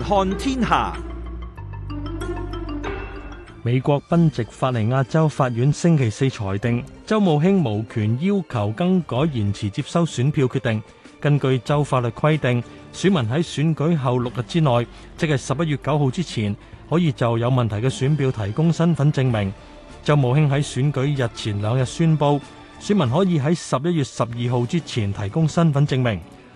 看天下，美國賓夕法尼亞州法院星期四裁定，州務卿無權要求更改延遲接收選票決定。根據州法律規定，選民喺選舉後六日之內，即係十一月九號之前，可以就有問題嘅選票提供身份證明。州務卿喺選舉日前兩日宣布，選民可以喺十一月十二號之前提供身份證明。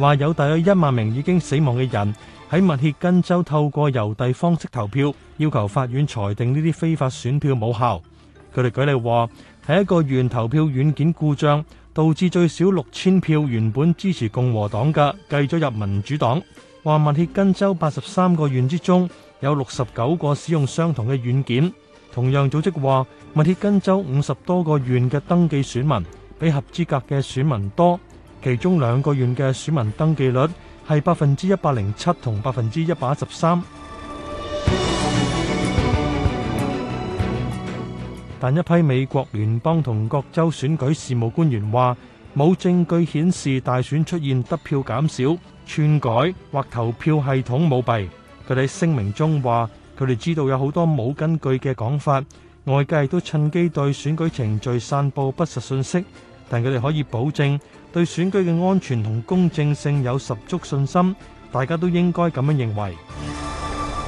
話有大約一萬名已經死亡嘅人喺密歇根州透過郵遞方式投票，要求法院裁定呢啲非法選票冇效。佢哋舉例話係一個縣投票軟件故障，導致最少六千票原本支持共和黨嘅計咗入民主黨。話密歇根州八十三個縣之中，有六十九個使用相同嘅軟件。同樣組織話密歇根州五十多個縣嘅登記選民比合資格嘅選民多。其中兩個縣嘅選民登記率係百分之一百零七同百分之一百一十三，但一批美國聯邦同各州選舉事務官員話，冇證據顯示大選出現得票減少、篡改或投票系統舞弊。佢哋聲明中話，佢哋知道有好多冇根據嘅講法，外界都趁機對選舉程序散佈不實信息。但佢哋可以保證對選舉嘅安全同公正性有十足信心，大家都應該咁樣認為。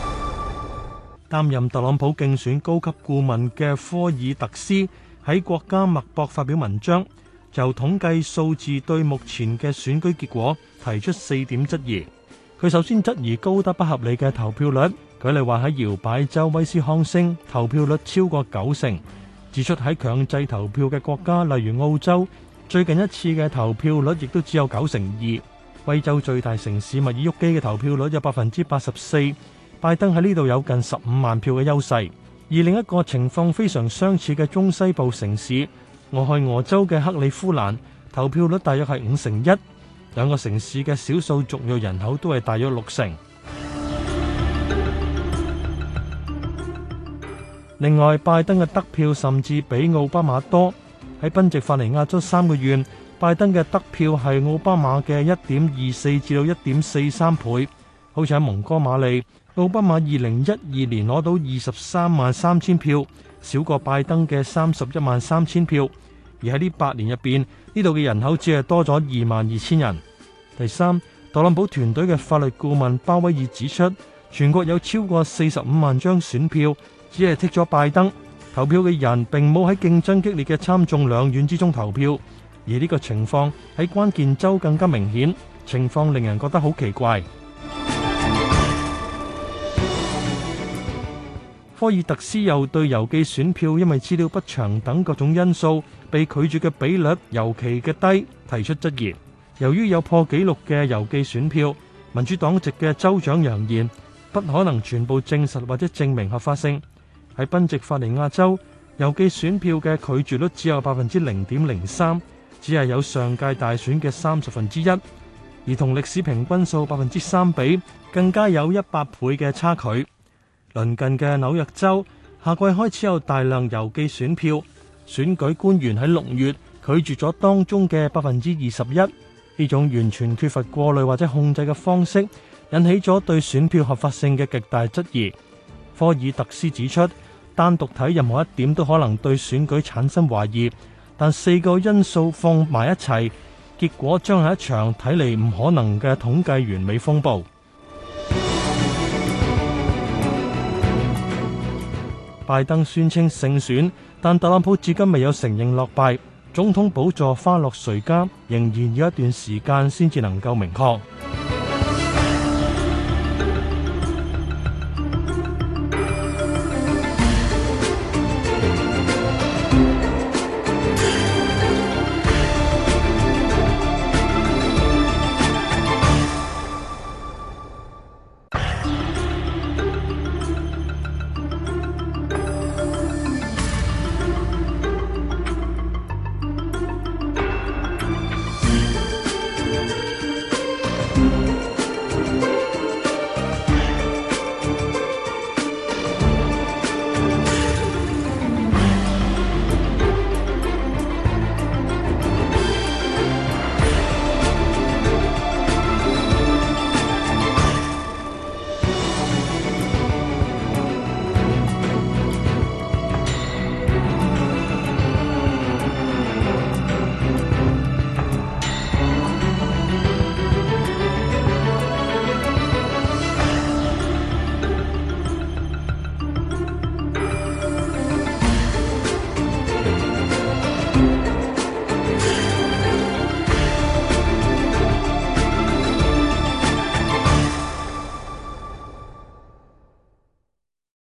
擔任特朗普競選高級顧問嘅科爾特斯喺國家脈搏發表文章，就統計數字對目前嘅選舉結果提出四點質疑。佢首先質疑高得不合理嘅投票率，舉例話喺搖擺州威斯康星投票率超過九成。指出喺強制投票嘅國家，例如澳洲，最近一次嘅投票率亦都只有九成二。威州最大城市密爾沃基嘅投票率有百分之八十四，拜登喺呢度有近十五萬票嘅優勢，而另一個情況非常相似嘅中西部城市，俄亥俄州嘅克里夫蘭，投票率大約係五成一。兩個城市嘅少數族裔人口都係大約六成。另外，拜登嘅得票甚至比奧巴馬多。喺賓夕法尼亞州三個縣，拜登嘅得票係奧巴馬嘅一點二四至到一點四三倍。好似喺蒙哥馬利，奧巴馬二零一二年攞到二十三萬三千票，少過拜登嘅三十一萬三千票。而喺呢八年入邊，呢度嘅人口只係多咗二萬二千人。第三，特朗普團隊嘅法律顧問鮑威爾指出，全國有超過四十五萬張選票，只係剔咗拜登投票嘅人，並冇喺競爭激烈嘅參眾兩院之中投票，而呢個情況喺關鍵州更加明顯，情況令人覺得好奇怪。科爾特斯又對郵寄選票因為資料不詳等各種因素被拒絕嘅比率尤其嘅低提出質疑。由於有破紀錄嘅郵寄選票，民主黨籍嘅州長揚言不可能全部證實或者證明合法性。喺賓夕法尼亞州郵寄選票嘅拒絕率只有百分之零點零三，只係有上屆大選嘅三十分之一，而同歷史平均數百分之三比，更加有一百倍嘅差距。鄰近嘅紐約州下季開始有大量郵寄選票，選舉官員喺六月拒絕咗當中嘅百分之二十一，呢種完全缺乏過濾或者控制嘅方式，引起咗對選票合法性嘅極大質疑。科爾特斯指出，單獨睇任何一點都可能對選舉產生懷疑，但四個因素放埋一齊，結果將係一場睇嚟唔可能嘅統計完美風暴。 拜登宣稱勝選，但特朗普至今未有承認落敗。總統寶座花落誰家，仍然要一段時間先至能夠明確。